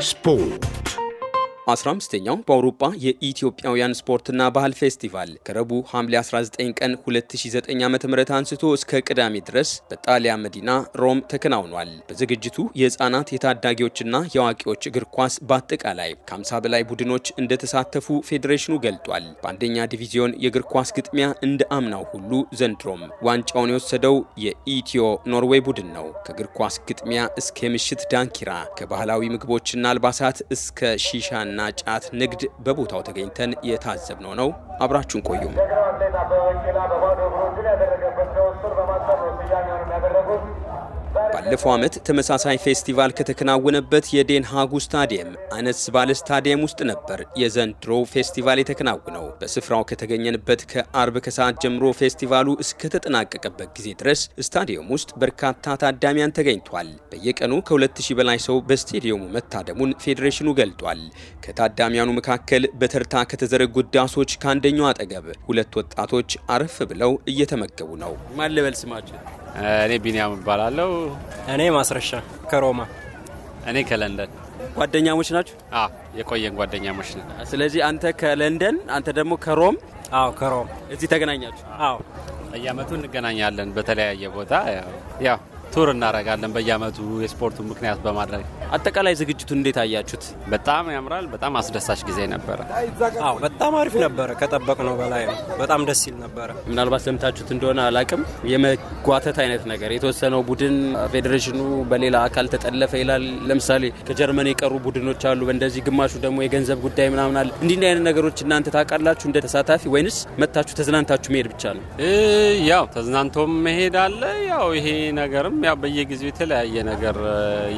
Sport. 15ኛው በአውሮፓ የኢትዮጵያውያን ስፖርትና ባህል ፌስቲቫል ከረቡዕ ሐምሌ 19 ቀን 2009 ዓ.ም አንስቶ እስከ ቅዳሜ ድረስ በጣሊያን መዲና ሮም ተከናውኗል። በዝግጅቱ የህፃናት የታዳጊዎችና የአዋቂዎች እግር ኳስ በአጠቃላይ ከ50 በላይ ቡድኖች እንደተሳተፉ ፌዴሬሽኑ ገልጧል። በአንደኛ ዲቪዚዮን የእግር ኳስ ግጥሚያ እንደ አምናው ሁሉ ዘንድሮም ዋንጫውን የወሰደው የኢትዮ ኖርዌይ ቡድን ነው። ከእግር ኳስ ግጥሚያ እስከ የምሽት ዳንኪራ፣ ከባህላዊ ምግቦችና አልባሳት እስከ ሺሻና የሲጋራና ጫት ንግድ በቦታው ተገኝተን የታዘብነው ነው። አብራችሁን ቆዩም። ባለፈው ዓመት ተመሳሳይ ፌስቲቫል ከተከናወነበት የዴን ስታዲየም አነስ ባለ ስታዲየም ውስጥ ነበር የዘንድሮ ፌስቲቫል የተከናወነው። በስፍራው ከተገኘንበት ከአርብ ከሰዓት ጀምሮ ፌስቲቫሉ እስከተጠናቀቀበት ጊዜ ድረስ ስታዲየም ውስጥ በርካታ ታዳሚያን ተገኝቷል። በየቀኑ ከ2000 በላይ ሰው በስታዲየሙ መታደሙን ፌዴሬሽኑ ገልጧል። ከታዳሚያኑ መካከል በተርታ ከተዘረጉት ዳሶች ከአንደኛው አጠገብ ሁለት ወጣቶች አረፍ ብለው እየተመገቡ ነው። ማን ልበል ስማቸው? እኔ ቢኒያም እባላለሁ። እኔ ማስረሻ ከሮማ፣ እኔ ከለንደን። ጓደኛሞች ናችሁ? የቆየን ጓደኛሞች ነን። ስለዚህ አንተ ከለንደን አንተ ደግሞ ከሮም? አዎ ከሮም። እዚህ ተገናኛችሁ? አዎ በየአመቱ እንገናኛለን። በተለያየ ቦታ ያው ቱር እናደርጋለን በየአመቱ የስፖርቱ ምክንያት በማድረግ አጠቃላይ ዝግጅቱ እንዴት አያችሁት? በጣም ያምራል። በጣም አስደሳች ጊዜ ነበረ። አዎ በጣም አሪፍ ነበረ። ከጠበቅነው በላይ በጣም ደስ ይል ነበረ። ምናልባት ሰምታችሁት እንደሆነ አላቅም፣ የመጓተት አይነት ነገር የተወሰነው ቡድን ፌዴሬሽኑ በሌላ አካል ተጠለፈ ይላል። ለምሳሌ ከጀርመን የቀሩ ቡድኖች አሉ። በእንደዚህ ግማሹ ደግሞ የገንዘብ ጉዳይ ምናምን አለ። እንዲህ አይነት ነገሮች እናንተ ታውቃላችሁ እንደ ተሳታፊ ወይንስ መታችሁ ተዝናንታችሁ መሄድ ብቻ ነው? ያው ተዝናንቶም መሄድ አለ። ያው ይሄ ነገርም ያው በየጊዜው የተለያየ ነገር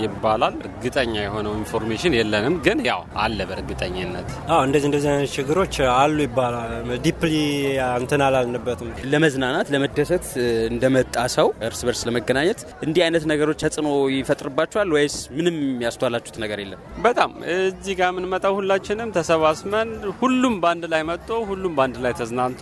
ይባላል። እርግጠኛ የሆነው ኢንፎርሜሽን የለንም፣ ግን ያው አለ በእርግጠኝነት እንደዚህ እንደዚህ አይነት ችግሮች አሉ ይባላል። ዲፕሊ እንትን አላልንበትም። ለመዝናናት ለመደሰት እንደመጣ ሰው እርስ በርስ ለመገናኘት እንዲህ አይነት ነገሮች ተጽዕኖ ይፈጥርባቸዋል ወይስ ምንም ያስተዋላችሁት ነገር የለም? በጣም እዚህ ጋር የምንመጣው ሁላችንም ተሰባስበን ሁሉም በአንድ ላይ መጥቶ ሁሉም በአንድ ላይ ተዝናንቶ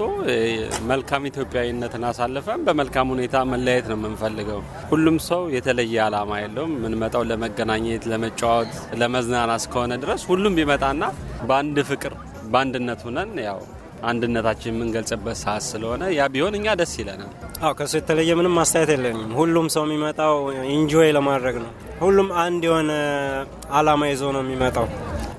መልካም ኢትዮጵያዊነትን አሳልፈን በመልካም ሁኔታ መለያየት ነው የምንፈልገው። ሁሉም ሰው የተለየ አላማ የለውም። የምንመጣው ለመገናኘት ለመጫወት፣ ለመዝናናት እስከሆነ ድረስ ሁሉም ቢመጣና በአንድ ፍቅር በአንድነት ሁነን ያው አንድነታችን የምንገልጽበት ሰዓት ስለሆነ ያ ቢሆን እኛ ደስ ይለናል። አዎ ከሱ የተለየ ምንም ማስተያየት የለኝም። ሁሉም ሰው የሚመጣው ኢንጆይ ለማድረግ ነው። ሁሉም አንድ የሆነ አላማ ይዞ ነው የሚመጣው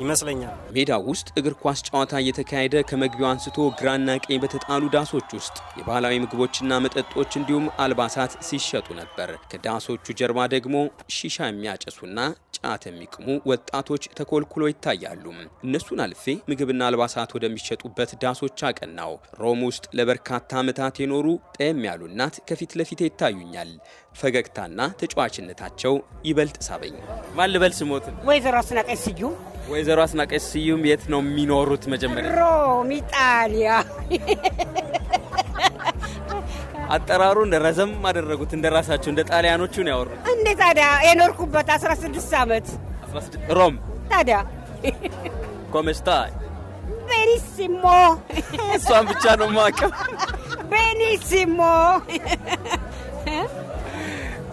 ይመስለኛል። ሜዳ ውስጥ እግር ኳስ ጨዋታ እየተካሄደ ከመግቢያው አንስቶ ግራና ቀኝ በተጣሉ ዳሶች ውስጥ የባህላዊ ምግቦችና መጠጦች እንዲሁም አልባሳት ሲሸጡ ነበር። ከዳሶቹ ጀርባ ደግሞ ሺሻ የሚያጨሱና ጫት የሚቅሙ ወጣቶች ተኮልኩሎ ይታያሉ። እነሱን አልፌ ምግብና አልባሳት ወደሚሸጡበት ዳሶች አቀናው። ሮም ውስጥ ለበርካታ ዓመታት የኖሩ ጠየም ያሉ እናት ከፊት ለፊት ይታዩኛል። ፈገግታና ተጫዋችነታቸው ይበልጥ ሳበኝ። ማን ልበል ስሞትን? ወይዘሮ አስናቀች ስዩም። ወይዘሮ አስናቀች ስዩም የት ነው የሚኖሩት? መጀመሪያ ሮም ኢጣሊያ። አጠራሩን ረዘም አደረጉት። እንደ ራሳቸው እንደ ጣሊያኖቹ ነው ያወሩት። እንዴ ታዲያ የኖርኩበት 16 ዓመት ሮም። ታዲያ ኮሜስታ ቤኒሲሞ። እሷን ብቻ ነው ማቀው ቤኒሲሞ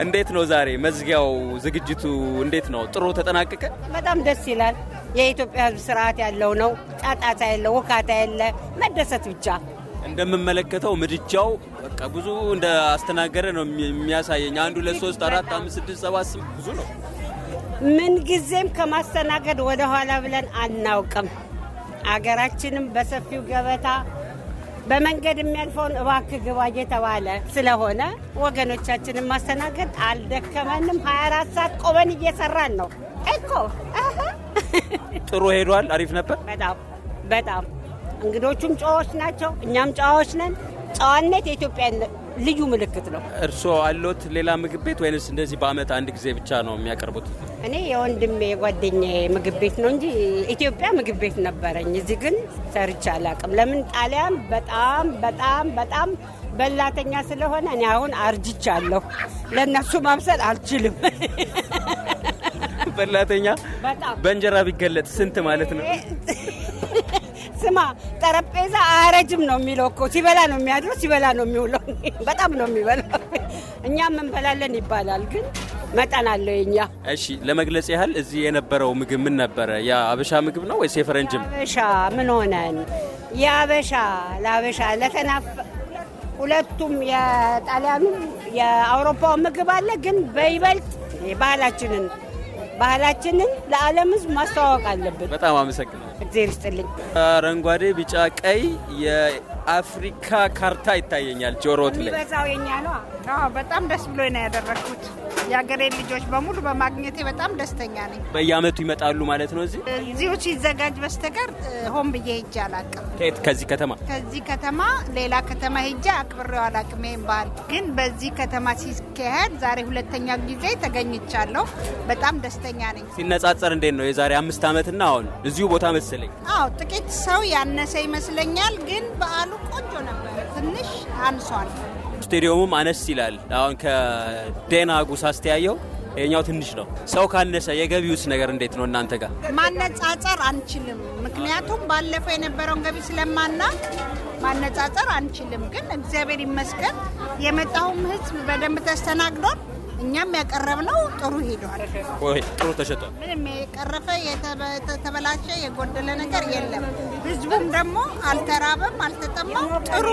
እንዴት ነው ዛሬ መዝጊያው ዝግጅቱ እንዴት ነው? ጥሩ ተጠናቀቀ። በጣም ደስ ይላል። የኢትዮጵያ ህዝብ ስርዓት ያለው ነው። ጣጣታ የለ፣ ውካታ የለ፣ መደሰት ብቻ። እንደምመለከተው ምድጃው በቃ ብዙ እንደ አስተናገረ ነው የሚያሳየኝ። አንዱ ለሶስት አራት አምስት ስድስት ሰባት ስም ብዙ ነው። ምንጊዜም ከማስተናገድ ወደኋላ ብለን አናውቅም። አገራችንም በሰፊው ገበታ በመንገድ የሚያልፈውን እባክህ ግባ እየተባለ ስለሆነ ወገኖቻችንን ማስተናገድ አልደከመንም። 24 ሰዓት ቆመን እየሰራን ነው እኮ። ጥሩ ሄዷል። አሪፍ ነበር። በጣም በጣም እንግዶቹም ጨዋዎች ናቸው፣ እኛም ጨዋዎች ነን። ጨዋነት የኢትዮጵያ ልዩ ምልክት ነው። እርስዎ አሎት ሌላ ምግብ ቤት ወይንስ እንደዚህ በአመት አንድ ጊዜ ብቻ ነው የሚያቀርቡት? እኔ የወንድሜ የጓደኛ ምግብ ቤት ነው እንጂ ኢትዮጵያ ምግብ ቤት ነበረኝ። እዚህ ግን ሰርቼ አላቅም። ለምን ጣሊያን በጣም በጣም በጣም በላተኛ ስለሆነ እኔ አሁን አርጅቻለሁ። ለእነሱ ማብሰል አልችልም። በላተኛ በእንጀራ ቢገለጥ ስንት ማለት ነው? ስማ ጠረጴዛ አያረጅም ነው የሚለው እኮ ሲበላ ነው የሚያድረው፣ ሲበላ ነው የሚውለው። በጣም ነው የሚበላው። እኛም እንበላለን ይባላል፣ ግን መጠን አለው የኛ። እሺ ለመግለጽ ያህል እዚህ የነበረው ምግብ ምን ነበረ? የአበሻ ምግብ ነው ወይስ የፈረንጅም? አበሻ ምን ሆነን የአበሻ ለአበሻ ለተናፈ ሁለቱም የጣሊያኑም የአውሮፓውን ምግብ አለ፣ ግን በይበልጥ ባህላችንን ባህላችንን ለዓለም ህዝብ ማስተዋወቅ አለብን። በጣም አመሰግናለሁ። እግዜር ይስጥልኝ። አረንጓዴ፣ ቢጫ፣ ቀይ የአፍሪካ ካርታ ይታየኛል ጆሮት ላይ የሚበዛው የኛ ነው። በጣም ደስ ብሎ ነው ያደረግኩት። የሀገሬ ልጆች በሙሉ በማግኘቴ በጣም ደስተኛ ነኝ። በየአመቱ ይመጣሉ ማለት ነው። እዚህ እዚሁ ሲዘጋጅ በስተቀር ሆን ብዬ ሄጄ አላቅም። ከየት ከዚህ ከተማ ከዚህ ከተማ ሌላ ከተማ ሄጄ አክብሬው አላቅም። ይሄን ባህል ግን በዚህ ከተማ ሲካሄድ ዛሬ ሁለተኛ ጊዜ ተገኝቻለሁ። በጣም ደስተኛ ነኝ። ሲነጻጸር እንዴት ነው የዛሬ አምስት አመትና አሁን? እዚሁ ቦታ መሰለኝ። አዎ ጥቂት ሰው ያነሰ ይመስለኛል፣ ግን በዓሉ ቆንጆ ነበር። ትንሽ አንሷል። ስቴዲየሙም አነስ ይላል። አሁን ከዴና ጉሳ ስተያየው የኛው ትንሽ ነው። ሰው ካነሰ የገቢውስ ነገር እንዴት ነው? እናንተ ጋር ማነጻጸር አንችልም፣ ምክንያቱም ባለፈው የነበረውን ገቢ ስለማናቅ ማነጻጸር አንችልም። ግን እግዚአብሔር ይመስገን የመጣውም ህዝብ በደንብ ተስተናግዷል። እኛም ያቀረብነው ጥሩ ሄደዋል፣ ጥሩ ተሸጧል። ምንም የቀረፈ የተበላሸ የጎደለ ነገር የለም። ህዝቡም ደግሞ አልተራበም፣ አልተጠማም፣ ጥሩ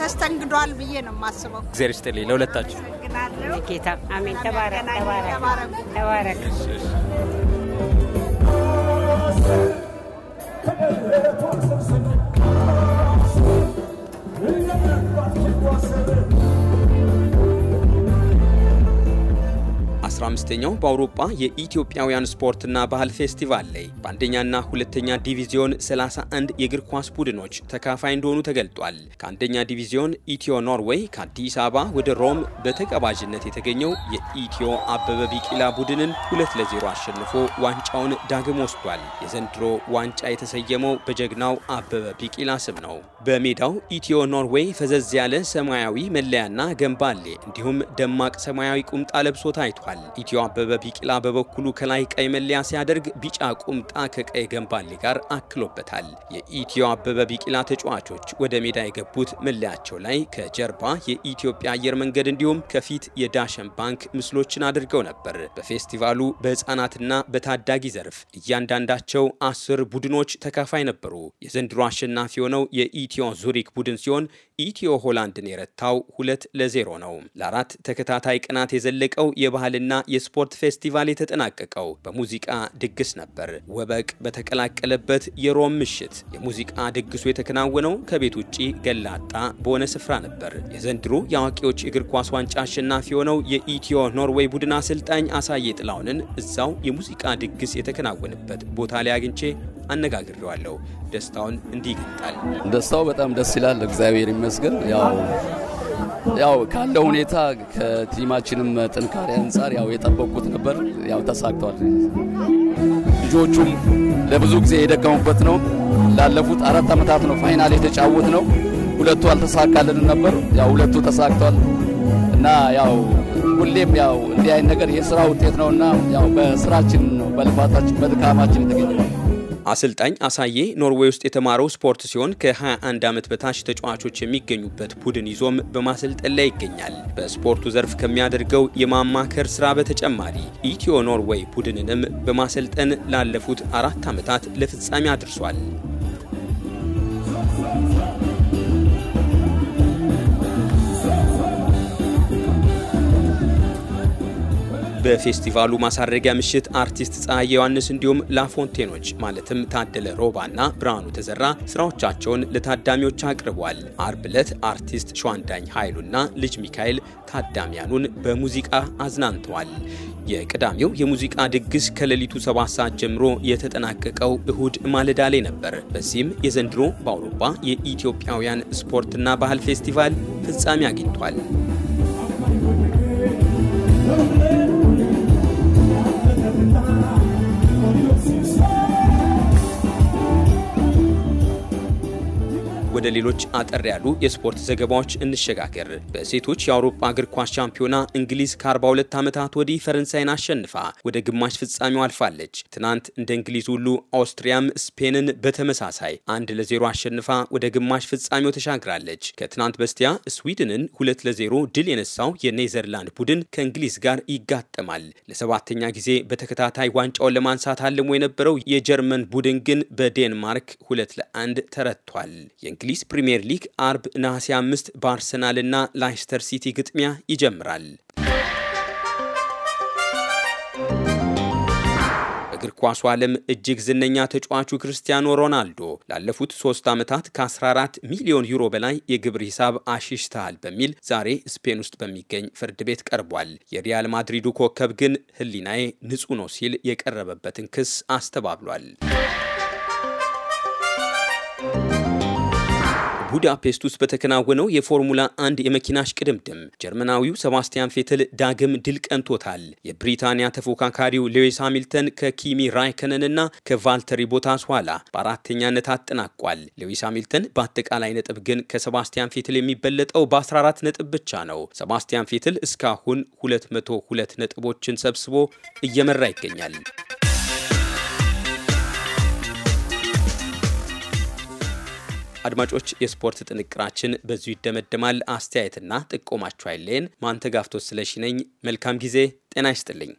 ተስተንግዷል ብዬ ነው የማስበው። እግዚአብሔር ይስጥልኝ ለሁለታችሁ። ጌታ አሜን። ተባረክ ተባረክ ተባረክ አምስተኛው በአውሮፓ የኢትዮጵያውያን ስፖርትና ባህል ፌስቲቫል ላይ በአንደኛና ሁለተኛ ዲቪዚዮን 31 የእግር ኳስ ቡድኖች ተካፋይ እንደሆኑ ተገልጧል። ከአንደኛ ዲቪዚዮን ኢትዮ ኖርዌይ ከአዲስ አበባ ወደ ሮም በተቀባዥነት የተገኘው የኢትዮ አበበ ቢቂላ ቡድንን ለ ለዜሮ አሸንፎ ዋንጫውን ዳግም ወስዷል። የዘንድሮ ዋንጫ የተሰየመው በጀግናው አበበ ቢቂላ ስም ነው። በሜዳው ኢትዮ ኖርዌይ ፈዘዝ ያለ ሰማያዊ መለያና ገንባሌ እንዲሁም ደማቅ ሰማያዊ ቁምጣ ለብሶ ታይቷል። ኢትዮ አበበ ቢቂላ በበኩሉ ከላይ ቀይ መለያ ሲያደርግ ቢጫ ቁምጣ ከቀይ ገንባሌ ጋር አክሎበታል። የኢትዮ አበበ ቢቂላ ተጫዋቾች ወደ ሜዳ የገቡት መለያቸው ላይ ከጀርባ የኢትዮጵያ አየር መንገድ እንዲሁም ከፊት የዳሸን ባንክ ምስሎችን አድርገው ነበር። በፌስቲቫሉ በህፃናትና በታዳጊ ዘርፍ እያንዳንዳቸው አስር ቡድኖች ተካፋይ ነበሩ። የዘንድሮ አሸናፊ የሆነው የኢትዮ ዙሪክ ቡድን ሲሆን ኢትዮ ሆላንድን የረታው ሁለት ለዜሮ ነው። ለአራት ተከታታይ ቀናት የዘለቀው የባህልና የስፖርት ፌስቲቫል የተጠናቀቀው በሙዚቃ ድግስ ነበር። ወበቅ በተቀላቀለበት የሮም ምሽት የሙዚቃ ድግሱ የተከናወነው ከቤት ውጭ ገላጣ በሆነ ስፍራ ነበር። የዘንድሮ የአዋቂዎች እግር ኳስ ዋንጫ አሸናፊ የሆነው የኢትዮ ኖርዌይ ቡድን አሰልጣኝ አሳየ ጥላውንን እዛው የሙዚቃ ድግስ የተከናወነበት ቦታ ላይ አግኝቼ አነጋግሬዋለሁ። ደስታውን እንዲህ ይገልጣል። ደስታው በጣም ደስ ይላል። እግዚአብሔር ይመስገን ያው ያው ካለው ሁኔታ ከቲማችንም ጥንካሬ አንጻር ያው የጠበቁት ነበር። ያው ተሳክቷል። ልጆቹም ለብዙ ጊዜ የደከሙበት ነው። ላለፉት አራት ዓመታት ነው ፋይናል የተጫወት ነው። ሁለቱ አልተሳካልን ነበር። ያው ሁለቱ ተሳክቷል እና ያው ሁሌም ያው እንዲህ አይነት ነገር የስራ ውጤት ነውና ያው በስራችን ነው በልፋታችን በድካማችን የተገኘ አሰልጣኝ አሳዬ ኖርዌይ ውስጥ የተማረው ስፖርት ሲሆን ከ21 ዓመት በታች ተጫዋቾች የሚገኙበት ቡድን ይዞም በማሰልጠን ላይ ይገኛል። በስፖርቱ ዘርፍ ከሚያደርገው የማማከር ስራ በተጨማሪ ኢትዮ ኖርዌይ ቡድንንም በማሰልጠን ላለፉት አራት ዓመታት ለፍጻሜ አድርሷል። በፌስቲቫሉ ማሳረጊያ ምሽት አርቲስት ፀሐይ ዮሐንስ እንዲሁም ላፎንቴኖች ማለትም ታደለ ሮባና ብርሃኑ ተዘራ ስራዎቻቸውን ለታዳሚዎች አቅርቧል። አርብ ዕለት አርቲስት ሸዋንዳኝ ኃይሉና ልጅ ሚካኤል ታዳሚያኑን በሙዚቃ አዝናንተዋል። የቅዳሜው የሙዚቃ ድግስ ከሌሊቱ ሰባት ሰዓት ጀምሮ የተጠናቀቀው እሁድ ማለዳ ላይ ነበር። በዚህም የዘንድሮ በአውሮፓ የኢትዮጵያውያን ስፖርትና ባህል ፌስቲቫል ፍጻሜ አግኝቷል። ወደ ሌሎች አጠር ያሉ የስፖርት ዘገባዎች እንሸጋገር። በሴቶች የአውሮፓ እግር ኳስ ሻምፒዮና እንግሊዝ ከ42 ዓመታት ወዲህ ፈረንሳይን አሸንፋ ወደ ግማሽ ፍጻሜው አልፋለች። ትናንት እንደ እንግሊዝ ሁሉ አውስትሪያም ስፔንን በተመሳሳይ አንድ ለዜሮ አሸንፋ ወደ ግማሽ ፍጻሜው ተሻግራለች። ከትናንት በስቲያ ስዊድንን ሁለት ለዜሮ ድል የነሳው የኔዘርላንድ ቡድን ከእንግሊዝ ጋር ይጋጠማል። ለሰባተኛ ጊዜ በተከታታይ ዋንጫውን ለማንሳት አልሞ የነበረው የጀርመን ቡድን ግን በዴንማርክ ሁለት ለአንድ ተረቷል። የእንግሊዝ የእንግሊዝ ፕሪምየር ሊግ አርብ ነሐሴ አምስት በአርሰናልና ላይስተር ሲቲ ግጥሚያ ይጀምራል። እግር ኳሱ ዓለም እጅግ ዝነኛ ተጫዋቹ ክርስቲያኖ ሮናልዶ ላለፉት ሶስት ዓመታት ከ14 ሚሊዮን ዩሮ በላይ የግብር ሂሳብ አሽሽተሃል በሚል ዛሬ ስፔን ውስጥ በሚገኝ ፍርድ ቤት ቀርቧል። የሪያል ማድሪዱ ኮከብ ግን ሕሊናዬ ንጹህ ነው ሲል የቀረበበትን ክስ አስተባብሏል። ቡዳፔስት ውስጥ በተከናወነው የፎርሙላ አንድ የመኪና ሽቅድምድም ጀርመናዊው ሰባስቲያን ፌትል ዳግም ድል ቀንቶታል። የብሪታንያ ተፎካካሪው ሌዊስ ሃሚልተን ከኪሚ እና ከቫልተሪ ቦታስ ኋላ በአራተኛነት አጠናቋል። ሌዊስ ሃሚልተን በአጠቃላይ ነጥብ ግን ከሰባስቲያን ፌትል የሚበለጠው በ14 ነጥብ ብቻ ነው። ሰባስቲያን ፌትል እስካሁን 202 ነጥቦችን ሰብስቦ እየመራ ይገኛል። አድማጮች፣ የስፖርት ጥንቅራችን በዙ ይደመደማል። አስተያየትና ጥቆማችሁ አይለየን። ማንተጋፍቶ ስለሺ ነኝ። መልካም ጊዜ። ጤና ይስጥልኝ።